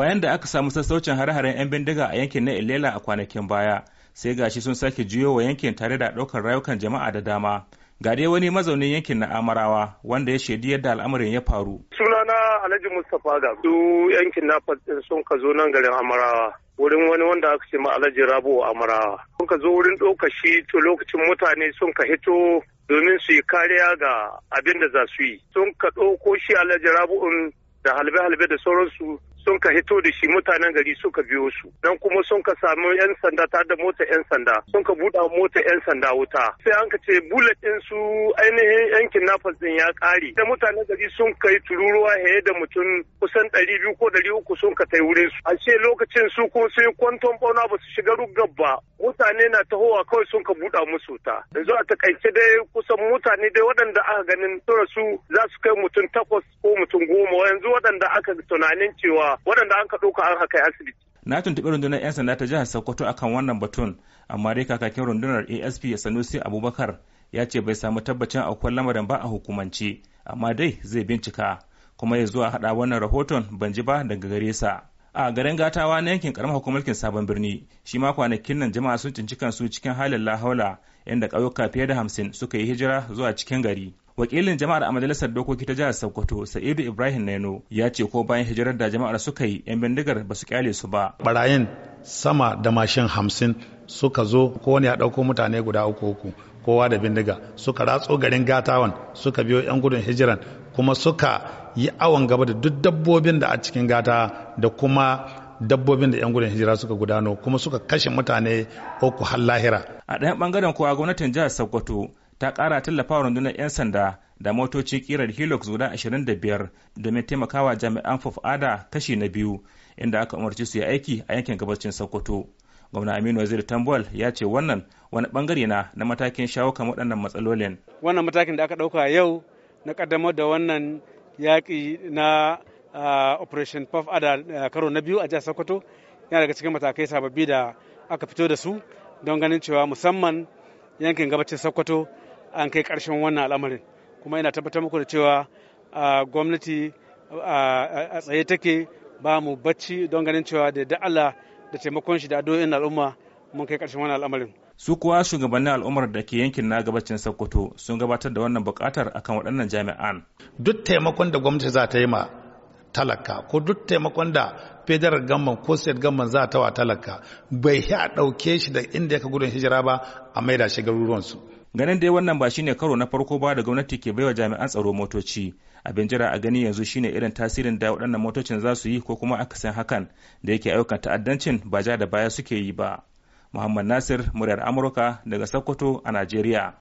bayan da aka samu sassaucin hare-haren 'yan bindiga a yankin na ilela a kwanakin baya sai gashi sun sake juyo wa yankin tare da ɗaukar rayukan jama'a da dama ga dai wani mazaunin yankin na amarawa wanda ya shaidi yadda al'amarin ya faru sunana alhaji mustapha da su yankin na sun ka zo nan garin amarawa wurin wani wanda aka ce ma alhaji rabo amarawa sun ka zo wurin ɗaukashi to lokacin mutane sun ka hito domin su yi kariya ga abin da za su yi sun ka ɗauko shi alhaji rabu'un da halbe-halbe da sauransu sun ka hito da shi mutanen gari suka biyo su nan kuma sun ka samu yan sanda tare da mota yan sanda sun ka buɗa mota yan sanda wuta sai an ka ce bullet din su ainihin yan kidnappers din ya ƙare da mutanen gari sun kai tururuwa haye da mutum kusan ɗari biyu ko ɗari uku sun ka tai wurin su a lokacin su ko sai kwanton bauna ba su shiga rugar ba mutane na tahowa kawai sun ka buɗa musu ta yanzu a takaice dai kusan mutane dai waɗanda aka ganin tura su za su kai mutum takwas ko mutum goma yanzu waɗanda aka tunanin cewa waɗanda an ka ɗauka an haka asibiti na tuntuɓi rundunar 'yan sanda ta jihar sokoto akan wannan batun amma dai kakakin rundunar asp ya sanusi abubakar ya ce bai samu tabbacin akwai lamarin ba a hukumance amma dai zai bincika kuma ya zuwa haɗa wannan rahoton ban ji ba daga gare sa a garin gatawa na yankin karamar hukumar sabon birni shi ma kwanakin nan jama'a sun cinci kansu cikin halin lahaula inda ƙauyuka fiye da hamsin suka yi hijira zuwa cikin gari wakilin jama'ar a majalisar dokoki ta jihar sokoto sa'idu ibrahim naino ya ce ko bayan hijirar da jama'ar suka yi yan bindigar ba su kyale su ba barayin sama da mashin hamsin suka zo ko wani ya ɗauko mutane guda uku uku kowa da bindiga suka ratso garin gatawan suka biyo 'yan gudun hijiran kuma suka yi awon gaba da duk dabbobin da a cikin gata da kuma dabbobin da 'yan gudun hijira suka gudano kuma suka kashe mutane uku har lahira a ɗayan bangaren kowa gwamnatin jihar sokoto ta ƙara wa rundunar 'yan sanda da motoci kirar hilux guda 25 domin taimakawa jami'an fufada kashi na biyu inda aka umarci su yi aiki a yankin gabacin sokoto gwamna aminu waziri tambol ya ce wannan wani bangare na na matakin shawo kan waɗannan matsalolin wannan matakin da aka ɗauka yau na ƙaddamar da wannan yaƙi na operation puff ada karo na biyu a jihar sokoto yana daga cikin matakai sababbi da aka fito da su don ganin cewa musamman yankin gabacin sokoto an kai ƙarshen wannan al'amarin kuma yana tabbatar muku da cewa gwamnati a tsaye take ba mu bacci don ganin cewa da Allah da taimakon shi da addu'o'in al'umma mun kai karshen wannan al'amarin. Su kuwa shugabannin al'ummar da ke yankin na gabacin Sokoto sun gabatar da wannan bukatar akan waɗannan jami'an. Duk taimakon da gwamnati za ta yi ma talaka ko duk taimakon da federal gamman ko state gamman za ta wa talaka bai a ɗauke shi da inda ya ka gudun hijira ba a maida shi garuruwansu. ganin dai wannan ba shine karo na farko ba da gwamnati ke baiwa jami'an tsaro motoci abin jira a gani yanzu shine irin tasirin da waɗannan motocin za su yi ko kuma akasin hakan da yake ayyukan ta'addancin ba ja da baya suke yi ba muhammad nasir muryar amurka daga sokoto a najeriya